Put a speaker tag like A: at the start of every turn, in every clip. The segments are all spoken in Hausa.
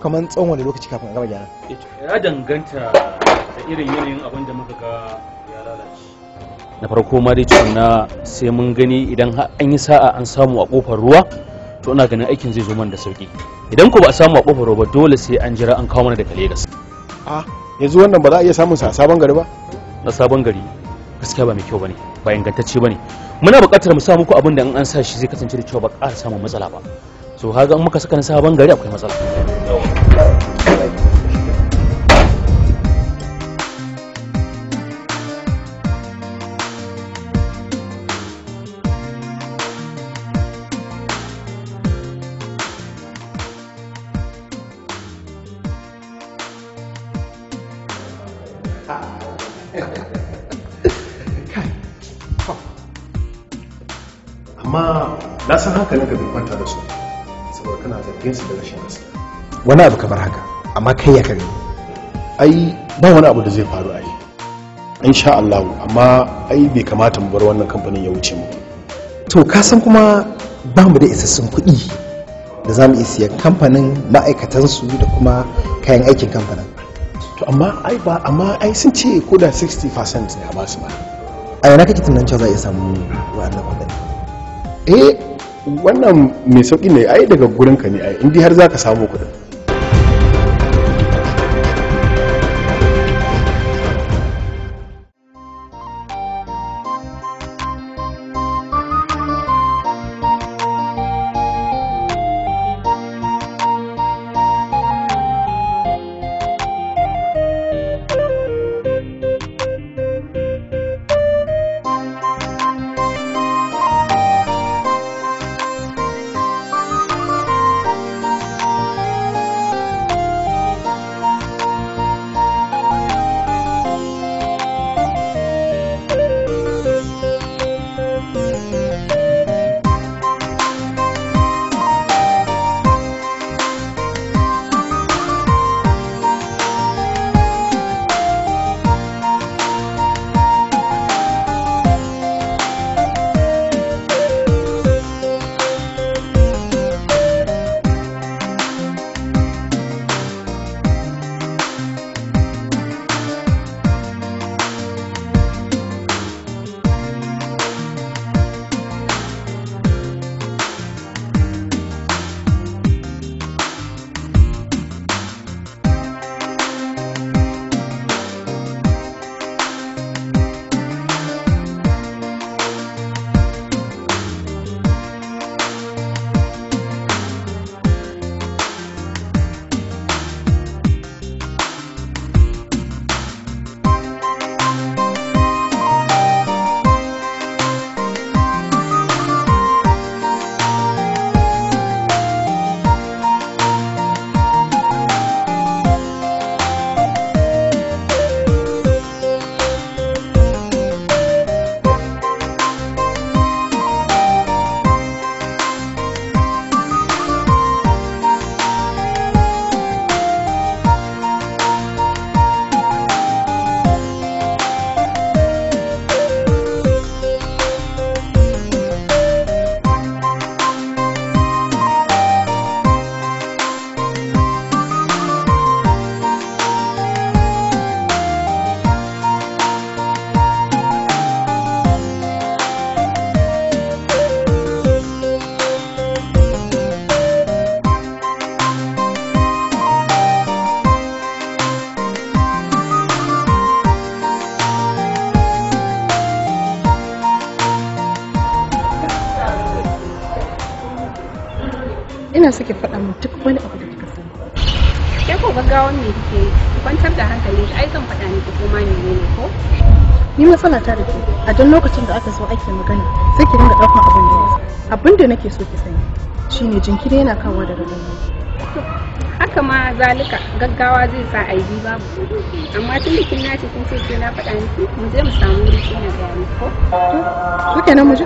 A: kamar tsawon wani lokaci kafin a gama gyara eh ya danganta da irin yanayin abin da muka ga ya lalace na farko ma dai tukuna sai mun gani idan an yi sa'a an samu a kofar ruwa to ina ganin aikin zai zo man da sauki idan ko ba a samu a kofar ruwa dole sai an jira an kawo mana daga Legas a yanzu wannan ba za a iya samun sa a sabon gari ba na sabon gari gaskiya ba mai kyau bane ba ingantacce bane muna buƙatar mu sa muku abin da in an sa shi zai kasance da cewa ba ƙara samun matsala ba so haga in muka saka na sabon gari akwai matsala kai amma na san ne ka bai kwanta da su saboda kana zargin su da rashin gaskiya wani abu kamar haka amma kai ya kare ai ba wani abu da zai faru ai sha Allah amma ai bai kamata mu bar wannan kamfanin ya wuce mu to ka san kuma ba mu da isassun kuɗi da za mu iya siyan kamfanin ma'aikatansu da kuma kayan aikin kamfanin to amma ai ba amma ai sun ce ko da 60% ne a basu ba a yana kake tunanin cewa za a iya samu wa'annan kuɗaɗe eh wannan mai sauƙi ne ai daga gurin ka ne ai in har zaka samu kuɗin
B: ni matsala ta da ke a don lokacin da aka zo ake magana sai ki dinga ɗaukar abin da yasa abin da nake so ki sani shine jinkiri yana kawo da rabon haka ma zalika gaggawa zai sa a yi babu amma tun da kin nace kin ce ke na faɗa miki mu je mu samu wuri shi ne gari ko to kenan mu je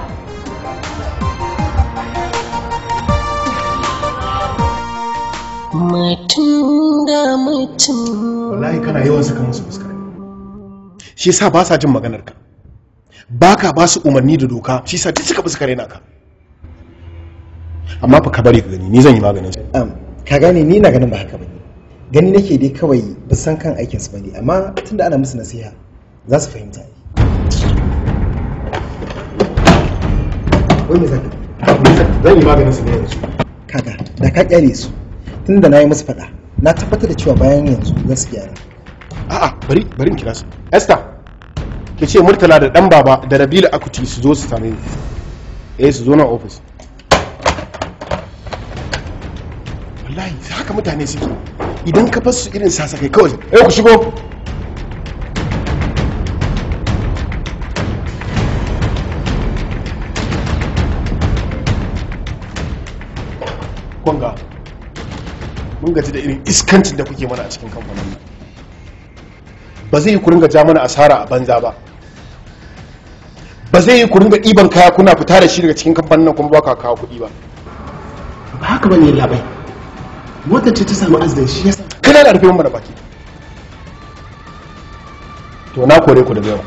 C: mutum da mutum
A: wallahi kana yawan saka musu fuska shi yasa ba sa jin maganar ka ba ka ba su umarni da doka shi yasa duk suka bi suka ka amma fa ka bari ka gani ni zan yi maganin su ka gane ni na ganin ba haka bane gani nake dai kawai ba san kan aikin su bane amma tunda ana musu nasiha za su fahimta wai me zaka zan yi maganin su ne yanzu kaka da ka kyale su tunda na yi musu faɗa na tabbatar da cewa bayan yanzu za su gyara a'a bari bari in kira su esther ki ce murtala da dan baba da rabilu akuti su zo su same ni eh su zo na office wallahi haka mutane suke idan ka fasu irin sasakai kawai eh ku shigo kwanga mun gaji da irin iskancin da kuke mana a cikin kamfanin ba zai yi ku ringa ja mana asara a banza ba ba zai yi ku da ɗiban kaya kuna fita da shi daga cikin kamfanin nan kuma ba ka kawo kuɗi ba ba haka ne labai motar ce ta samu azdin shi yasa kana da rufe mana baki to na kore ku da yawa.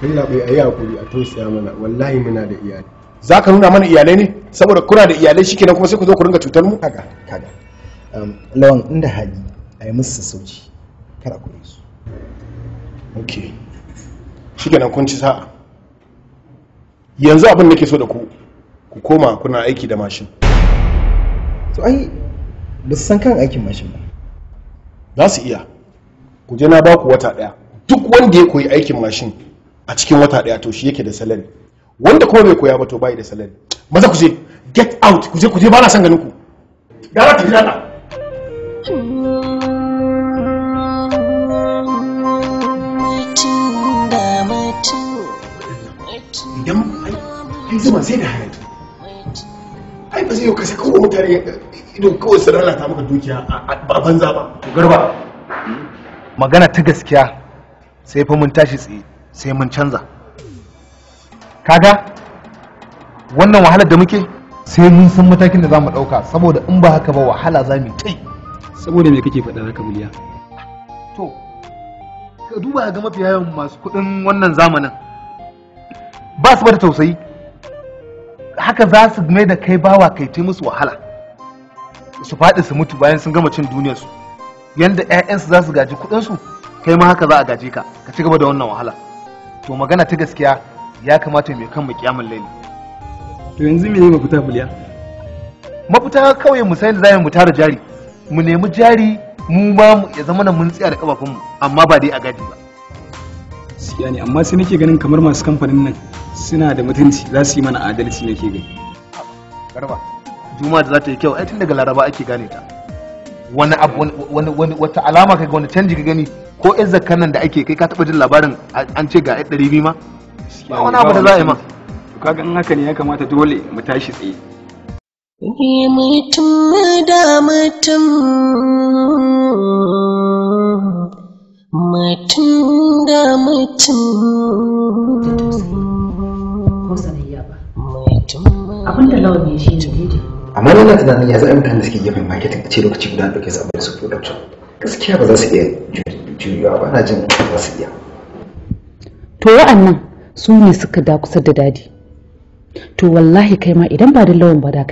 A: kai labai ayi hakuri a tausaya mana wallahi muna da iyali za ka nuna mana iyalai ne saboda kuna da iyalai shi kenan kuma sai ku zo ku ringa cutar mu kaga kaga um, lawan inda hali a yi musu sauki, kar a kore su ok shi kun ci sa'a yanzu abin da ke so da ku ku koma kuna aiki da mashin to ai ba su san kan aikin mashin ba za su iya ku je na ba ku wata daya duk wanda ya koyi aikin mashin a cikin wata daya to shi yake da salari wanda kuma bai koya ba to bai da salari maza ku je get out ku je ku je ba na san ganin ku gara ta gidana idan yanzu zuma sai da hayatu ai ba zai yau kasa kawo mutane idan kawai su lalata maka dukiya a banza ba garba magana ta gaskiya sai fa mun tashi tsaye sai mun canza kaga wannan wahalar da muke sai mun san matakin da za mu ɗauka saboda in ba haka ba wahala za mu yi saboda me kake faɗa haka miliya to ka duba ga mafi yawan masu kuɗin wannan zamanin ba su ba da tausayi haka za su mai da kai bawa kai ta musu wahala su faɗi su mutu bayan sun gama cin duniyarsu yadda 'ya'yansu za su gaji kuɗinsu kai ma haka za a gaji ka ka ci gaba da wannan wahala to magana ta gaskiya ya kamata mai kan mu laili to yanzu me ne mafita buliya mafita kawai mu san da zamu mu tara jari mu nemi jari mu ma ya zama na mun tsaya da kafafunmu amma ba dai a gaji ba gaskiya ne amma sai nake ganin kamar masu kamfanin nan suna da mutunci za su yi mana adalci nake gani garba juma'a da za ta yi kyau ai tun daga laraba ake gane ta wani abu wani wani wata alama ka wani canji ka gani ko yan zakkan nan da ake kai ka taba jin labarin an ce ga ɗari biyu ma ba wani abu da za a yi ma kaga in haka ne ya kamata dole mu tashi tsaye
C: Ni mutum da mutum mutum da mutum
B: abinda lawan ya shi ne
D: amma ina tunanin ya zai mutane suke gefen marketing a ce lokaci guda ɗauke su abin su production gaskiya ba za su iya juyuwa ba na jin ba su iya
B: to wa'annan
E: su ne suka da kusa da dadi to wallahi kai ma idan ba da lawan ba da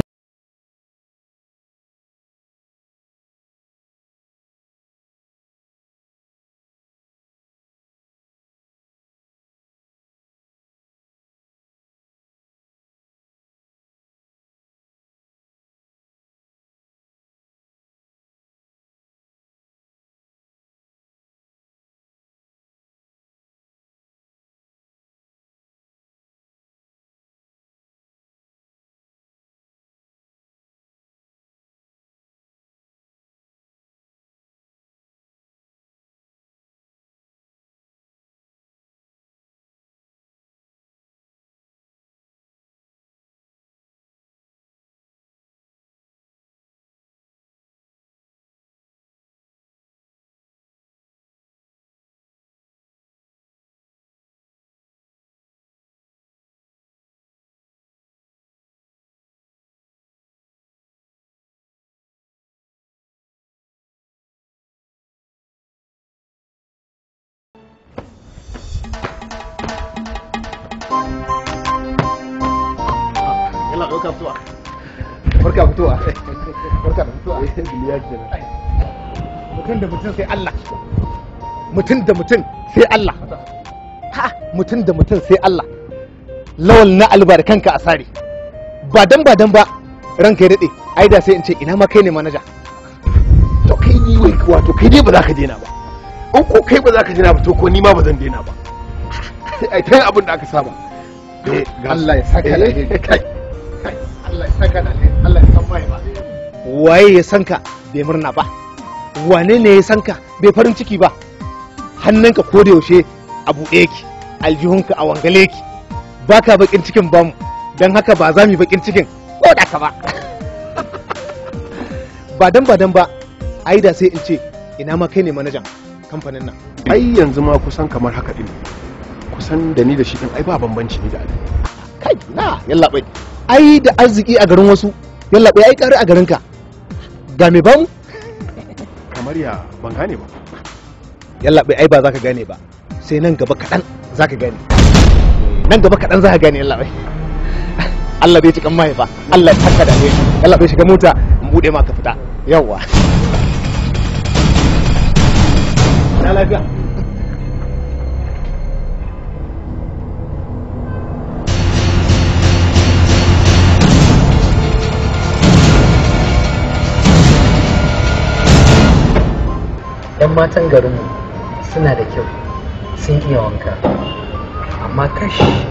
A: barka fitowa barka fitowa barka da fitowa biliya kenan mutum da mutum sai Allah mutum da mutum sai Allah ha mutum da mutum sai Allah lawal na albarkanka a sare ba dan ba dan ba ranka ya dade ai da sai in ce ina ma kai ne manaja to kai ni wato kai dai ba za ka daina ba in ko kai ba za ka daina ba to ko ni ma ba zan daina ba sai ai ta abin da aka saba eh, Allah ya saka eh, alheri kai Allah ya ya san ka sanka bai murna ba wane ne ya sanka bai farin ciki ba hannunka ko da yaushe a buɗe ki aljihunka a wangale ki baka bakin cikin bamu don haka ba za mu bakin cikin ko da ka ba ba dan ba dan ba ai da sai in ce ina ma kai ne manajan kamfanin nan ai yanzu ma kusan kamar haka din kusan da ni da shi din ai ba bambanci ni da kai na yalla bai ai da arziki a garin wasu yalla bai ai kare a garin ka ga me ban kamar ya ban gane ba yalla bai ai ba za ka gane ba sai nan gaba kaɗan za ka gane nan gaba kaɗan za ka gane yalla bai Allah bai cikin mahaifa Allah ya tsaka da ne yalla bai shiga mota in bude ma ka fita yawwa na lafiya
D: 'yan matan garinmu suna da kyau sun iya wanka amma kashi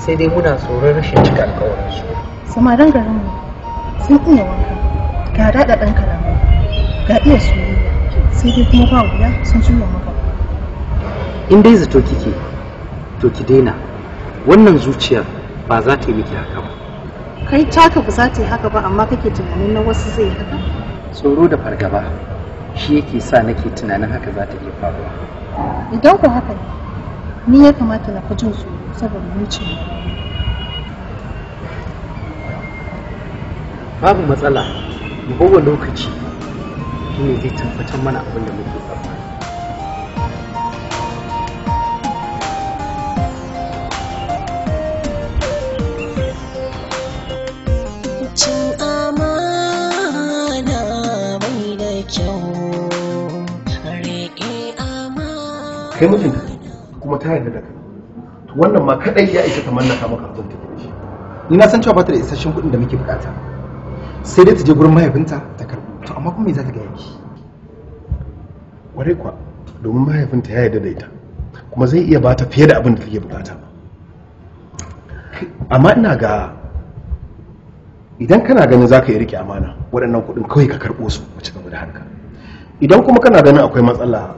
D: sai dai muna tsoron rashin cika alkawarinsu
B: samarin garinmu sun iya wanka ga daɗa ɗan karamu ga iya soyayya sai dai kuma ba wuya sun juya maka
D: in dai zato kike to ki daina wannan zuciyar ba za ta yi miki haka ba
B: kai taka ba za ta yi haka ba amma kake tunanin na wasu zai haka
D: tsoro da fargaba shi yake sa nake tunanin haka za ta iya faruwa
B: idan ku haka ne ni ya kamata na fi jin tsoro saboda zuciya
D: babu matsala mu lokaci ne zai tabbatar mana abin da muke tsammani
A: kai mijinta kuma ta yarda da kai wannan ma kadai ya isa ta mallaka maka abin da kake ni na san cewa ba ta da isasshen kuɗin da muke bukata sai dai ta je gurin mahaifinta ta karɓo to amma kuma me za ta ga yaki kwarai kwa domin mahaifinta ya yarda da ita kuma zai iya bata fiye da abin da take bukata amma ina ga idan kana ganin za ka yi rike amana waɗannan kuɗin kawai ka karɓo su a cikin da harka idan kuma kana ganin akwai matsala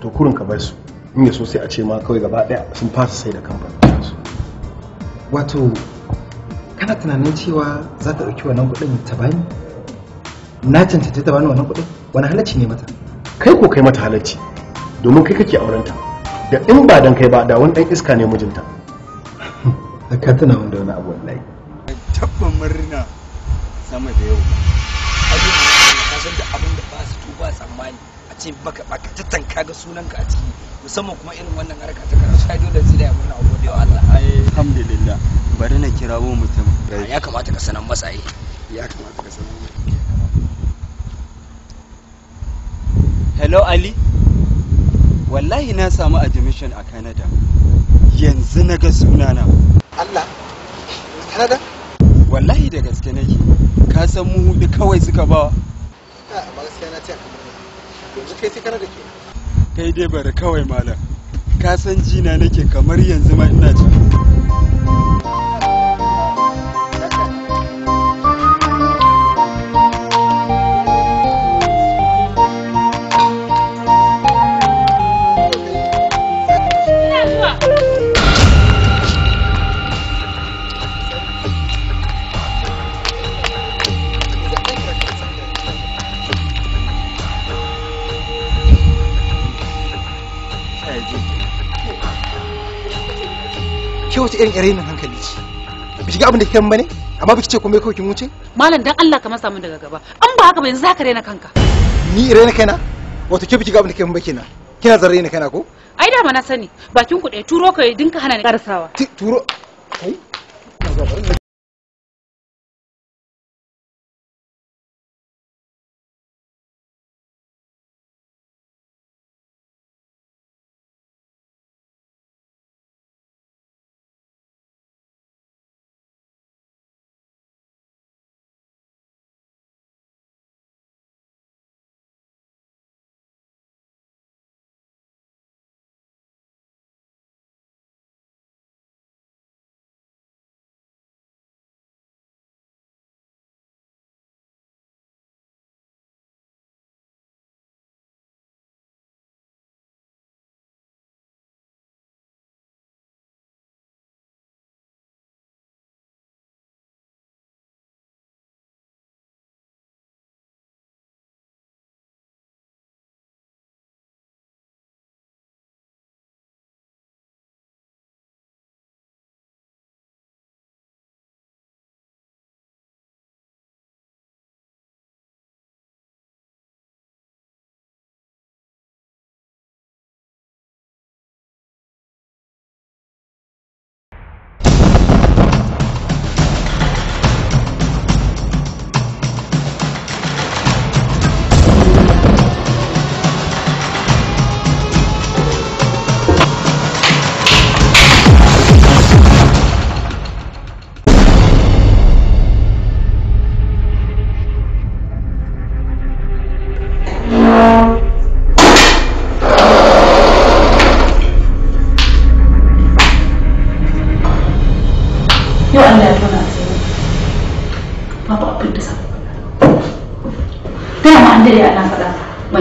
A: to kurin ka bar su in so sai a ce ma kawai gaba daya sun fasa sai da kamfanin su wato kana tunanin cewa za ta ɗauki wannan kuɗin ta bani na cancanta ta bani wannan kuɗin wani halacci ne mata kai ko kai mata halacci domin kai kake aurenta da in ba dan kai ba da wani dan iska ne mijinta ka tana wanda wani abu wallahi tabba murna sama da yau abin da san da abin da ba su tuba tsammani
D: ce baka baka tattan kaga sunanka a ciki musamman kuma irin wannan harka ta karatu ai da zai ya muna gode wa Allah alhamdulillah bari na kira kirawo mutum ya kamata ka sanan matsayi ya kamata ka sanan hello ali wallahi na samu admission a canada yanzu na ga sunana allah canada wallahi da gaske nake ka san mu hudu kawai suka ba
A: kai sai kana da ke
D: kai dai bari kawai malam ka san jina nake kamar yanzu ma ina ciki
A: wata irin irin nan hankali ce biki ga abin da kike bane amma biki ce kuma kai kike wuce
B: malam dan Allah ka masa min daga gaba an ba haka ba yanzu zaka rena kanka
A: ni rena kaina wato ke biki ga abin da kike ba kenan kina zarre ni kaina ko
B: ai da ma na sani bakin ku ɗaya turo ka dinka hana ni karasawa
E: turo kai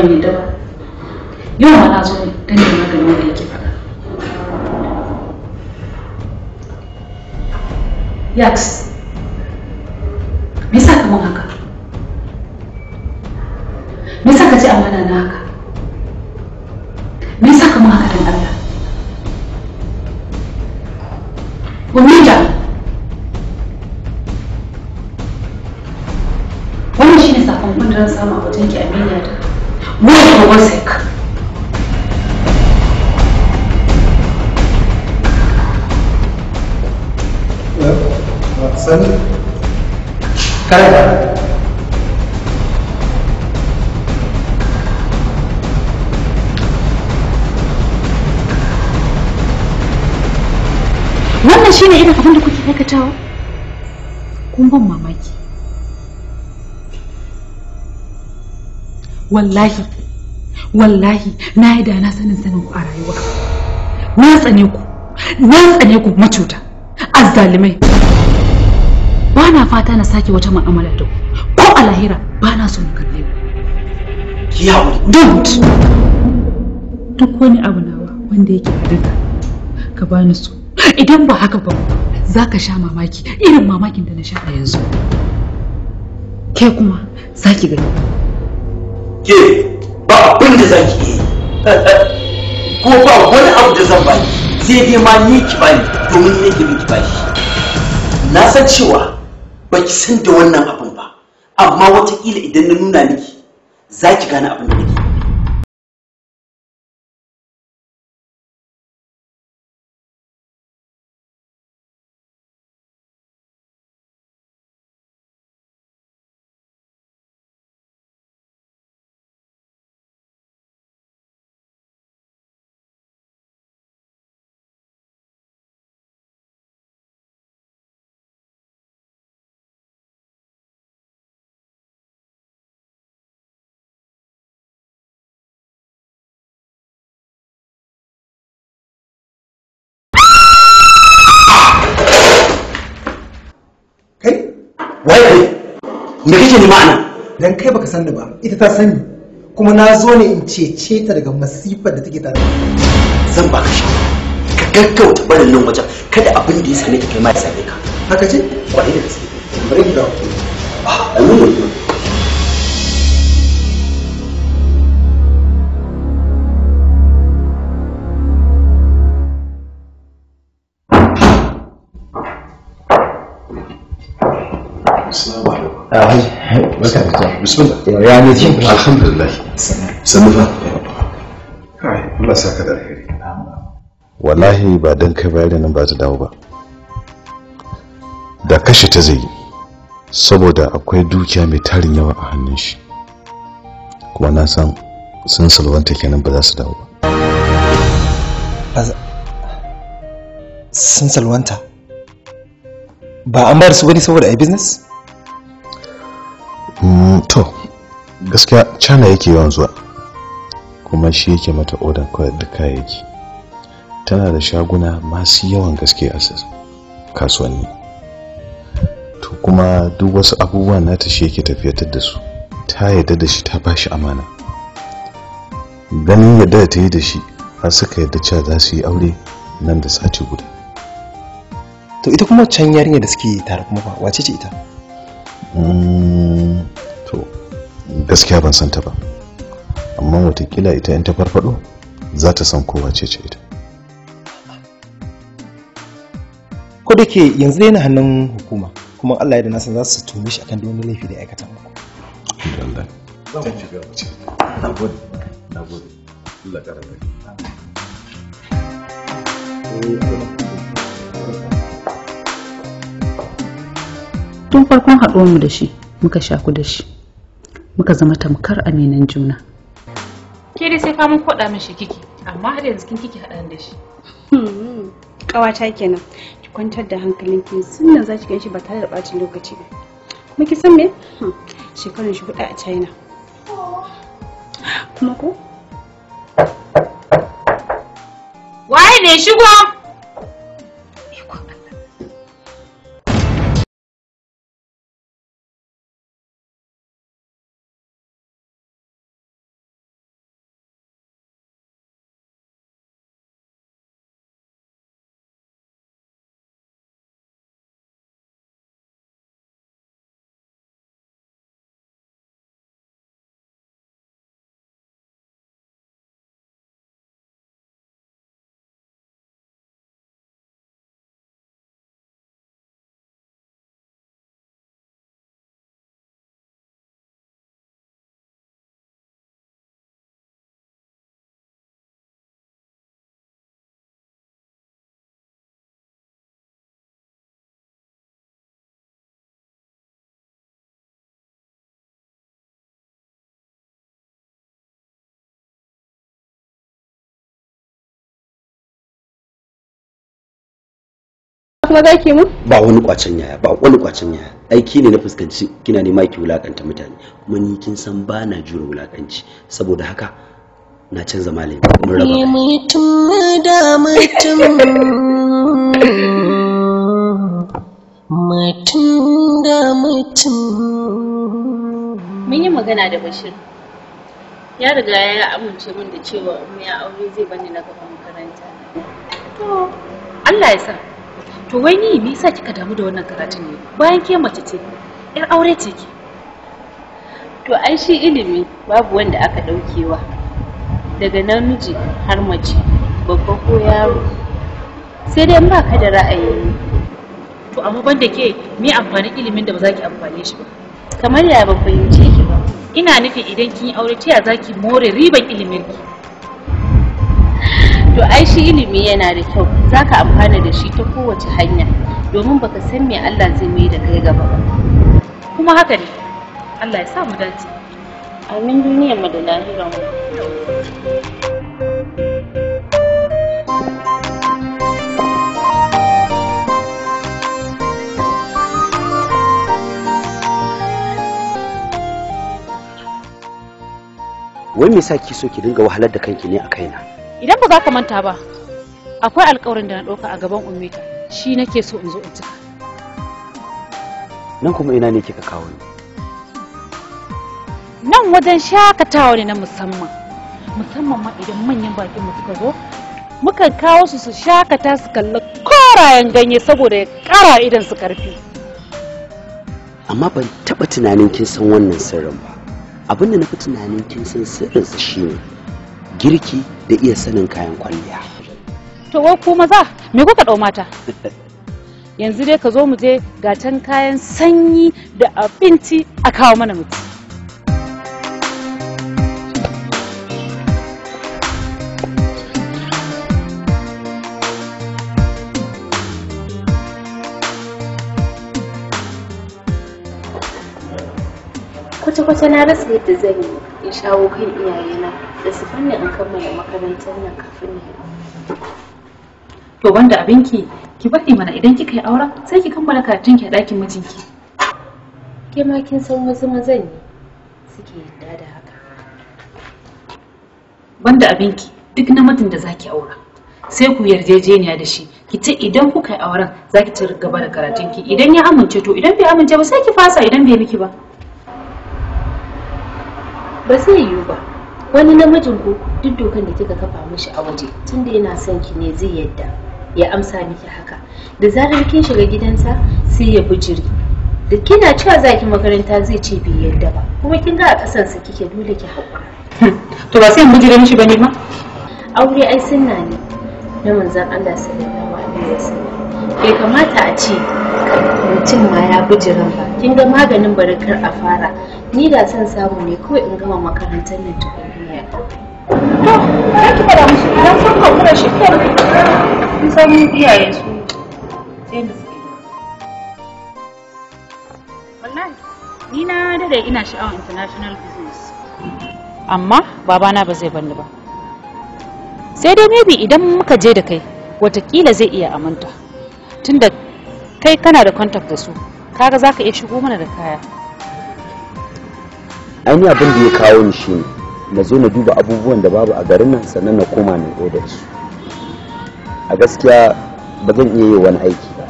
B: ban yadda ba yau ma na zo ne don ne maganin wanda yake faɗa yaks me yasa ka mun haka me yasa ka ci amana na haka me yasa ka mun haka don Allah Umida wannan ne sakamakon da na samu a wajen ki wannan shine irin abin da kuke aikatawa kun ban mamaki wallahi wallahi na yi da na sanin sanin ku a rayuwa na tsane ku na tsane ku macuta azzalimai ba na fata na sake wata mu'amala da ku ko a lahira ba na so na kalle ku yawo don't duk wani abu nawa wanda yake a ka bani su idan ba haka ba za ka sha mamaki irin mamakin da na sha a yanzu ke kuma za ki gani
D: ke ba abin da za ki yi ko ba wani abu da zan bani sai dai ma ni ki bani domin ne ki miki bashi na san cewa ba ki san da wannan abin ba
E: amma wataƙila idan na nuna miki za ki gane abin da
C: me kake
A: ni ma'ana. dan kai baka san ba ita ta sani kuma na zo ne in cece ta daga masifar
D: da take tare zan ka shi ka gaggauta barin nan wajen kada abin da ya same ka kai ma ya same ka haka ce kwarai da gaske bari ki dawo a ne
E: ya ne jin alhamdulillah sannu fa Allah saka da alheri wallahi ba dan kai bayan nan ba ta dawo ba da kashe ta zai saboda akwai dukiya mai tarin yawa a hannun shi kuma na san sun salwanta kenan ba za su dawo
A: ba sun salwanta ba an ba da su bane saboda ai business
E: to gaskiya cana yake yawan zuwa kuma shi yake mata odan da kayayyaki tana da shaguna masu yawan gaske a kasuwanni to kuma duk wasu abubuwa nata shi yake tafiyatar da su ta yadda da shi ta ba shi amana ganin yadda ta yi da shi har suka yadda cewa za su yi aure nan da sati guda
A: to ita kuma can yarinya da suke tare kuma ba wace ce ita
E: Mm, to gaskiya ban santa ba amma watakila ita in ta farfado za ta san kowa ce ce ita
A: ko da ke yanzu dai na hannun hukuma kuma Allah ya da nasa za su tumi shi akan dole laifi da aikata muku
B: tun farkon mu da shi muka shaku da shi muka zama tamkar aminan juna ke dai sai mun koda min shi kiki amma har yanzu kin kiki haɗa da shi hmm, ƙawata kenan ki kwantar da hankalinki sannan za ki ganshi shi ba tare da ɓacin lokaci ba kuma ki san me hmm, shekarun shi huɗu a china kuma ko
E: waye ne shigo kuma ki mu ba wani kwacin yaya ba wani kwacin yaya aiki ne na fuskanci kina nema ki wulakanta
D: mutane kuma ni kin san ba na jure wulakanci saboda haka na canza malami
C: mun raba ni mutum da mutum
B: mutum da mutum mun yi magana da bashir ya riga ya amince min da cewa in ya aure zai bani na gaban makaranta to Allah ya sa to wai ni me yasa kika damu da wannan karatun ne bayan ke mace ce yar aure ce ki to ai shi ilimi babu wanda aka ɗaukewa daga namiji har mace babba ko yaro sai dai in ba ka da ra'ayi to amma banda ke me amfanin ilimin da ba za ki amfane shi ba kamar ya ban fahimce ki ba ina nufin idan kin yi aure ta ya za ki more riban ilimin ki to ai shi ilimi yana da kyau za ka amfana da shi ta kowace hanya domin baka san me Allah zai mai da kai gaba ba kuma haka ne Allah ya sa mu dace amin duniyar mu da lahira mu
D: wai me yasa ki so ki dinga wahalar da kanki ne a kaina
B: idan ba za ka manta ba akwai alkawarin da na ɗauka a gaban ummita shi nake so in zo in cika
D: nan kuma ina ne kika kawo ni
B: nan wajen shakatawa ne na musamman musamman ma idan manyan bakin mu suka zo muka kawo su su shakata su kalli korayen ganye saboda ya kara idan su karfi
D: amma ban taba tunanin kin san wannan sirrin ba abinda na fi tunanin kin san sirrin su shine girki da iya sanin kayan kwalliya
B: to wai ku maza me kuka ɗau mata yanzu dai ka zo mu je gatan kayan sanyi da abinci a kawo mana mutum kwata-kwata na rasa yadda zan yi in shawo kan iyayena da su fanni in kammala makarantar nan kafin yi. To banda abinki ki baɗi mana idan kika yi aura sai ki kammala karatun ki a ɗakin mijinki. Ke ma kin san wasu mazan ne suke yadda da haka. Banda abinki duk namijin da zaki aura sai ku yarjejeniya da shi ki ce idan kuka yi auren za ki ci gaba da karatunki idan ya amince to idan bai amince ba sai ki fasa idan bai miki ba. ba zai yiwu ba wani namijin ko duk dokan da kika kafa mishi a waje tunda yana son ki ne zai yadda ya amsa miki haka da zarar kin shiga gidansa sai ya bujiri, da kina cewa za ki makaranta zai ce bai yadda ba kuma kin ga a sa kike dole ki haƙura to ba sai bijire mishi bane ma aure ai sunna ne na manzon Allah sallallahu alaihi wasallam bai kamata a ce mutum ma ya bujiran ba kin ga maganin barkar a fara ni da son samu ne kawai in gama makarantar nan ta duniya to ya ki fara musu idan sun kankura shi kenan sun samu iyaye su sai wallahi ni na dade ina sha'awar international business amma babana ba zai bani ba sai dai maybe idan muka je da kai watakila zai iya aminta tunda kai kana da contact da su kaga za ka iya shigo mana da kaya
D: ainihin abin da ya kawo ni shi ne na zo na duba abubuwan da babu a garin nan sannan na koma na odar su a gaskiya ba zan iya yi wani aiki ba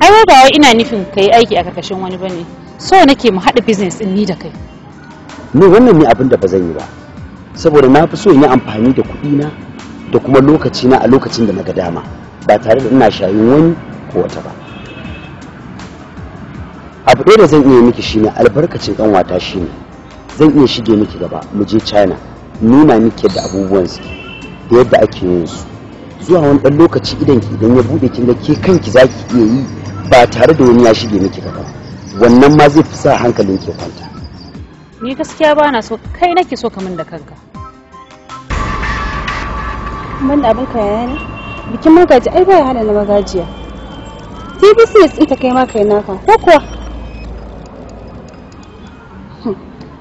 B: ai ba wai ina nufin ka yi aiki a kakashin wani ba ne so nake mu haɗa business in ni da kai
D: ni wannan ne abin da ba zan yi ba saboda na fi so in yi amfani da kuɗi na da kuma lokaci na a lokacin da na ga dama ba tare da ina shayin wani ko wata ba abu ɗaya da zan iya miki shine albarkacin wata shine zan iya shige miki gaba mu je china nuna miki yadda abubuwan su da yadda ake yin su zuwa wani ɗan lokaci idan ki idan ya buɗe kin ke kanki za ki iya yi ba tare da wani ya shige miki gaba wannan ma zai fi sa hankalin ke kwanta
B: ni gaskiya ba na so kai nake so kamin da kanka ban da abin kaya ne bikin magaji ai ba ya hana na magajiya tbc ya ta kai ma kai naka ko kuwa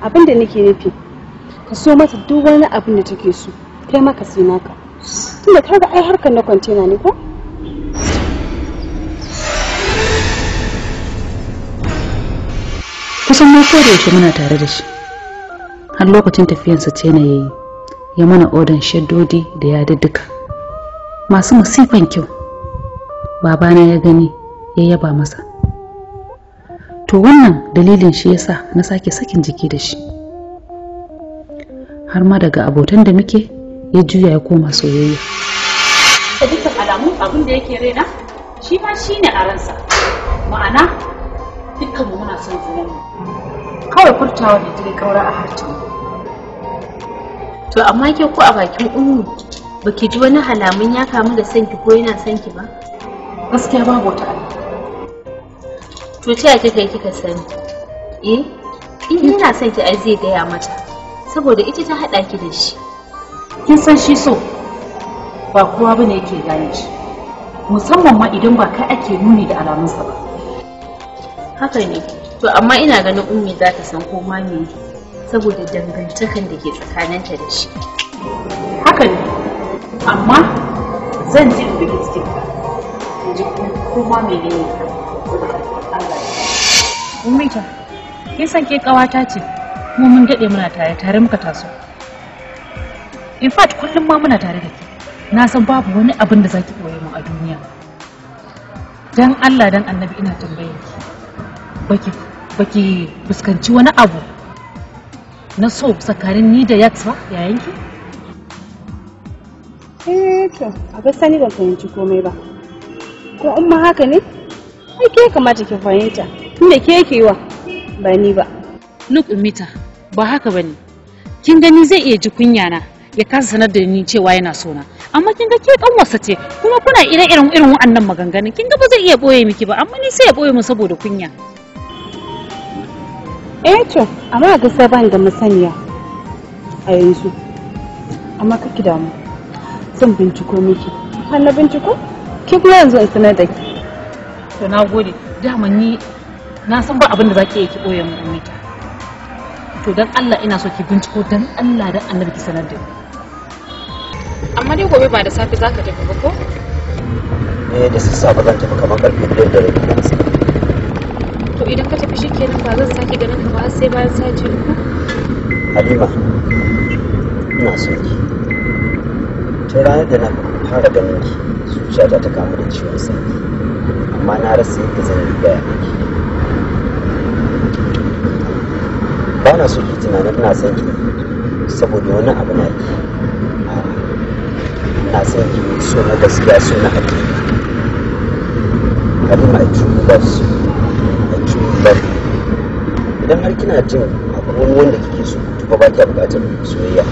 B: abin da nake nufi ka so mata duk wani abin da take so kai maka sai naka tunda kaga ai harkar na kwantena ne ko kusan ma da yaushe muna tare da shi har lokacin tafiyansa ce na yayi ya mana odan shaddodi da ya duka masu masifan kyau babana ya gani ya yaba masa to wannan dalilin shi yasa na sake sakin jiki da shi har ma daga abotan da muke ya juya ya koma soyayya da dukkan alamu abin da yake raina shi ma shi ne a ransa ma'ana dukkanmu muna son junanmu kawai furtawa ne ta kaura a harcin to amma ke ko a bakin ummu baki ji wani halamun ya kamu da sanki ko yana sanki ba gaskiya babu wata alaƙa to ta kika yi kika sani eh in yana son ki ai zai gaya mata saboda ita ta haɗa ki da shi kin san shi so ba kowa bane yake gane shi musamman ma idan ba kai ake nuni da alamunsa ba haka ne to amma ina ganin ummi za ta san koma me saboda dangantakan da ke tsakaninta da shi haka ne amma zan ji da gaske kuma mai ne Umita, kin san ke kawata ce, kuma mun daɗe muna tare tare muka taso. In fact kullum ma muna tare da ke. Na san babu wani abin da zaki koye mu a duniya. Dan Allah dan Annabi ina tambaye ki. Baki baki fuskanci wani abu na so tsakanin ni da Yax ba yayin ki? Eh to, a gaskiya ni ban fahimci komai ba. Ko in ma haka ne? Ai ke kamata ki fahimta. tunda ke yake wa ba ni ba look umita ba haka bane kin gani zai iya ji kunya na ya kasa sanar da ni cewa yana so na amma kin ga ke kan wasa ce kuma kuna ire irin irin wa'annan maganganun kin ga ba zai iya boye miki ba amma ni sai ya boye mu saboda kunya eh to amma ga sai ban da masaniya a yanzu amma kake damu zan binciko miki har na binciko ki kuma yanzu a sanar da ki to na gode dama ni na san ba abin da zaki ki boye mu umita to dan Allah ina so ki binciko dan Allah dan Allah ki sanar da ni amma dai gobe ba da safe ka tafi ba ko
D: eh da sassafe zan tafi kamar karfe 5 da rabi
B: to idan ka tafi shikenan ba zan sake ganin ka ba sai bayan sace ku
D: Halima ina so ki tun ranar da na fara ganin ki zuciyata ta kamu da ciwon sanyi amma na rasa yadda zan yi gaya miki ba na so ki tunanin ina son ki saboda wani abu na yi na son ki so na gaskiya so na haƙi kalima true love a true love idan har kina jin akwai wani wanda kike so to ba ki bukatar soyayya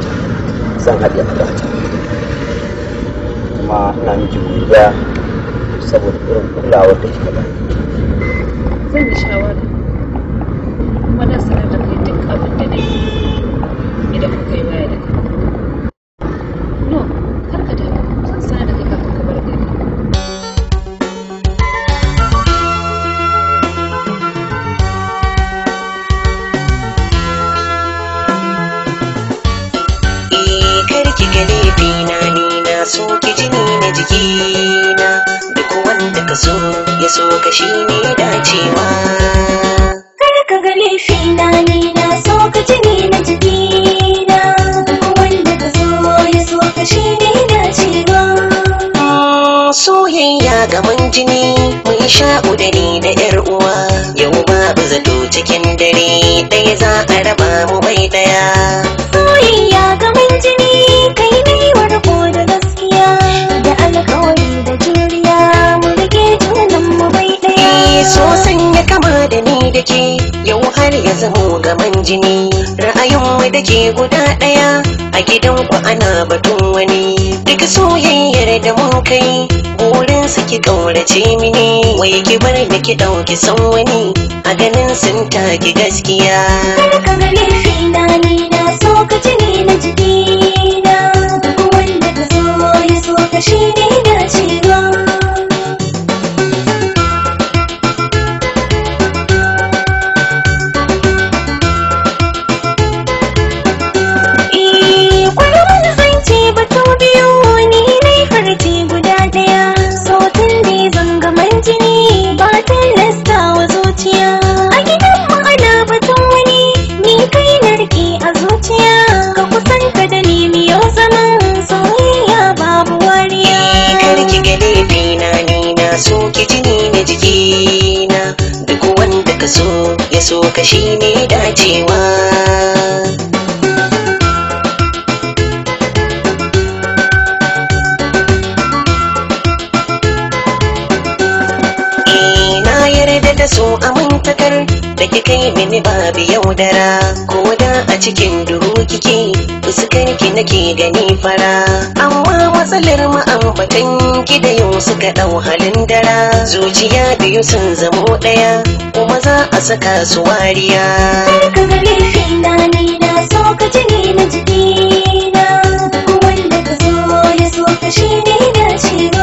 D: zan haɗe a ta kuma ina miki godiya saboda irin kulawar da kika bani
B: zan yi shawara kuma wadda ni na jikina duk wanda ka so ya so ka shi ne
F: dacewa Kada ka ga laifi na ni na so ka ji ni na jikina duk wanda ka so ya so ka shi ne dacewa soyayya gaban jini mun sha'u da ni da yar uwa yau ba ba zato cikin dare ɗaya za a raba mu bai ɗaya soyayya gaban jini da yau har ya zamo gaban jini ra'ayinmu da ke guda ɗaya a gidan ku ana batun wani duk soyayyar da mun kai burin su ki ƙaurace mini wai ki bar da ki ɗauki son wani a ganin sun taki gaskiya Shine ne na na ka so ki jini na jikina duk wanda ka so ya so ka shi ne dacewa ina eh, yarda da so amintakar da ki kai mini babu yaudara ko a cikin duhu kiki fuskar ki nake gani fara amma matsalar ma'ambatan ki da yau suka dau halin dara zuciya biyu sun zamo daya kuma za a saka su wariya ka ga na ni na so ka ji ni na wanda ka zo ya so ka shi na ce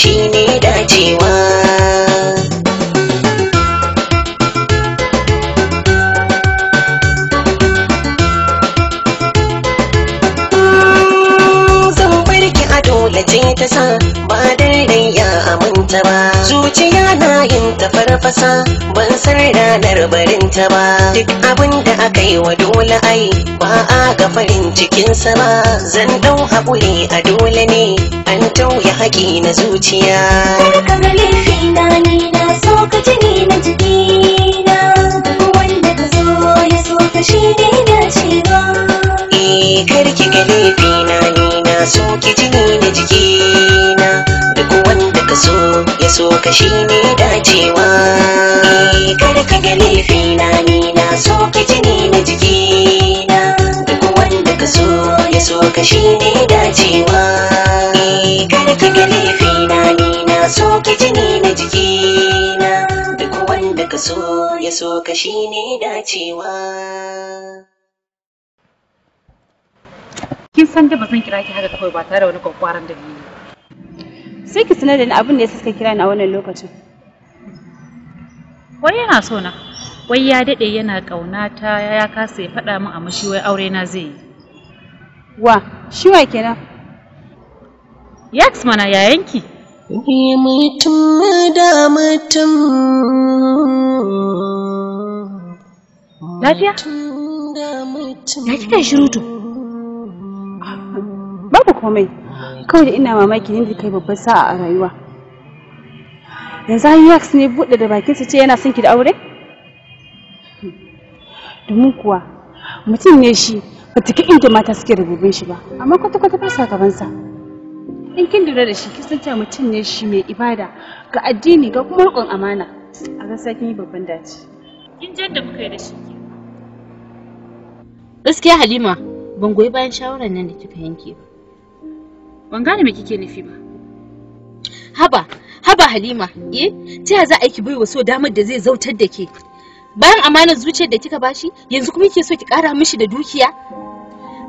F: Shi shine dacewa ce ta sa ba daidai ya aminta ba zuciya na yin ta farfasa barin ta ba duk abin da aka yi wa dole ai ba a ga farin cikinsa ba zan ɗau haƙuri a dole ne an tauye haƙi na zuciya ka ga laifi na ni na so ka jini na jikina wanda ka zo ya so ka shi ne na ni kar ki ga laifina ni na so ki jini da jikina duk wanda ka so ya so ka shi ne dacewa eh, kar ka ga laifina ni na so ki jini da jikina duk wanda ka so ya so ka shi ne dacewa eh, kar ka ga laifina ni na so ki jini da jikina duk wanda ka so ya so ka shi ne dacewa
B: kin san da ba zan kira ki haka kawai ba tare da wani kwakwaran ni sai ki sanar da ni abin da ya suka kira ni a wannan lokacin wai yana so na wai ya dade yana ta ya kasa ya faɗa min a shi wai aure na zai yi wa shi wa kenan yaks mana yayanki ni mutum
C: da mutum lafiya
B: ya kika shirutu babu komai kawai da ina mamaki ne da kai babban sa'a a rayuwa yanzu an yaks ne buɗe da bakinsa ce yana son ki da aure domin kuwa mutum ne shi ba ta inda mata suke rububin shi ba amma kwata-kwata ba sa gabansa in kin lura da shi kin san cewa mutum ne shi mai ibada ga addini ga kuma riƙon amana a gaskiya kin yi babban dace kin je da muka yi da shi gaskiya halima ban goyi bayan shawarar nan da kika yanke ba Ban gane me kike nufi ba. Haba, haba Halima, eh, ta ya za a yi ki baiwa so damar da zai zautar da ke? Bayan amanar zuciyar da kika bashi, yanzu kuma kike so ki ƙara mishi da dukiya?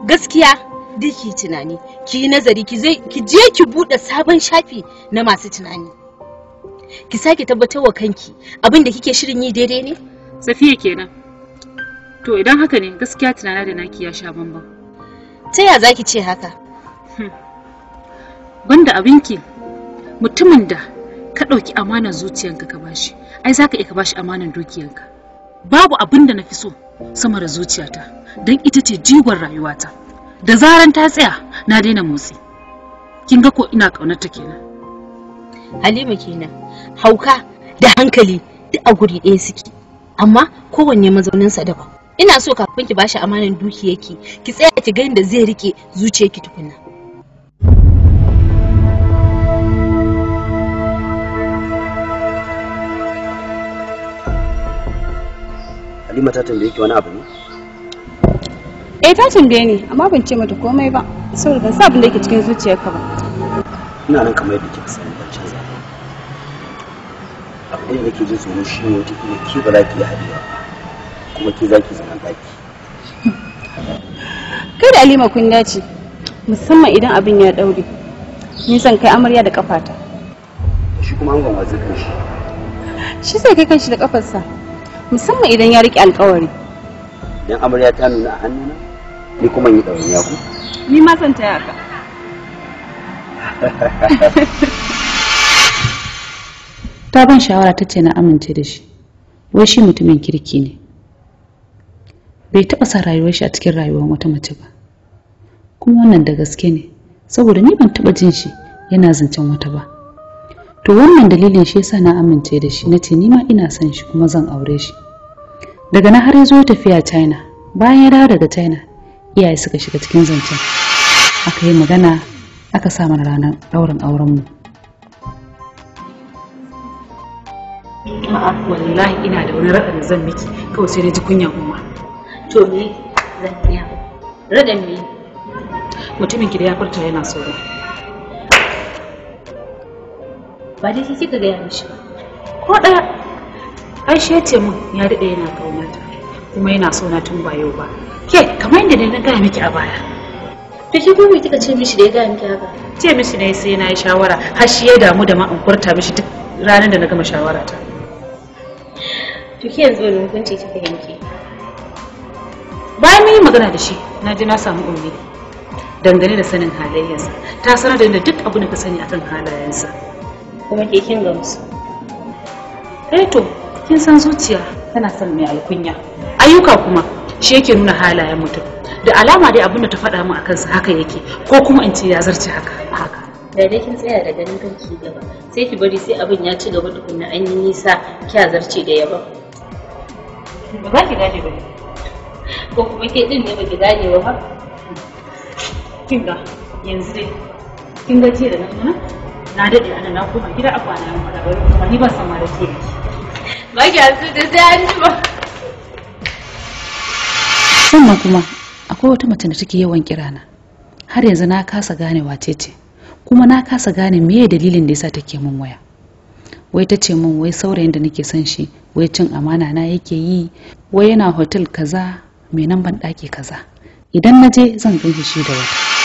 B: Gaskiya, diki tunani, ki yi nazari, ki je ki buɗe sabon shafi na masu tunani. Ki sake tabbatar wa kanki abin da kike shirin yi daidai ne? Safiya kenan. To idan haka ne gaskiya tunana da naki ya sha bamban. Ta ya za ki ce haka? Hmm. banda abinki mutumin da ka ɗauki amanar zuciyanka ka bashi ai za ka iya ka bashi amanar dukiyanka babu abin da na fi so sama da zuciyata Dan ita ce jigon rayuwata da zaran ta tsaya na daina motsi kin ga ko ina ƙaunarta kenan halima kenan hauka da hankali duk a guri ɗaya suke amma kowanne mazauninsa daban ina so kafin ki bashi amanar dukiyarki ki tsaya ki ga da zai rike zuciyarki tukunna
D: Halima ta tambaye ki wani abu ne?
B: Eh ta tambaye ni amma ban ce mata komai ba saboda ban sa abin da yake cikin zuciyarka ba.
D: Ina nan kamar yadda kika sani ban canza ba. Abu da nake jin tsoro shi ne wata kuma ki ba za ki yi haɗewa kuma ki za ki zama daki.
B: Kai da Halima kun dace musamman idan abin ya ɗaure. Ni zan kai amarya da kafata.
D: Shi kuma an gwamwa zai shi.
B: Shi sai kai kanshi da kafarsa. musamman idan ya riƙe alƙawari
D: idan amarya ta nuna a hannuna ni kuma yi ɗawainiya ku
B: ni ma san taya ka ta ban shawara ta ce na amince da shi wai shi mutumin kirki ne bai taɓa sa rayuwar shi a cikin rayuwar wata mace ba kuma wannan da gaske ne saboda ni ban taɓa jin shi yana zancen wata ba to wannan dalilin shi yasa na amince da shi na ni ma ina son shi kuma zan aure shi daga na har ya zo tafiya china bayan ya dawo daga china iyaye suka shiga cikin zancen aka yi magana aka sa mana ranar auren mu. a'a wallahi ina da wani raɗa zan miki kawai sai na ji kunya kuma to ne zan iya raɗa ne mutumin ki da ya furta yana sauri ba dai sai kika gaya mishi ko ɗaya aisha ya ce min ya daɗe yana ƙaunata kuma yana so na tun ba yau ba ke kamar yadda na gaya miki a baya to shi kuma kika ce mishi da ya gaya miki haka ce mishi ne sai na yi shawara har shi ya damu da ma in furta mishi duk ranar da na gama shawara ta to ki yanzu kun ce kika yanke bayan mun yi magana da shi na ji na samu ummi dangane da sanin halayensa ta sanar da duk abin da ka sani akan halayensa kuma ke kin gamsu eh to kin san zuciya tana son mai alkunya ayyuka kuma shi yake nuna halayen mutum da alama dai abinda ta faɗa min a kansa haka yake ko kuma in ce ya zarce haka haka da dai kin tsaya da ganin kanki gaba sai ki bari sai abin ya ci gaba tukunna an yi nisa kya zarce da yaba ba za ki gane ba ko kuma ke din ne ba ki gane ba kin ga yanzu dai kin ga jiya da nan na daɗe ana na koma gida a kwana yan kuma ni ban san ma da ke ba ki da sai an sannan kuma akwai wata mace da take yawan kirana har yanzu na kasa gane wace ce kuma na kasa gane meye dalilin da yasa take min waya wai ta ce min wai saurayin da nake son shi wai cin amana na yake yi wai yana hotel kaza mai nan ban ɗaki kaza idan na je zan gan shi da wata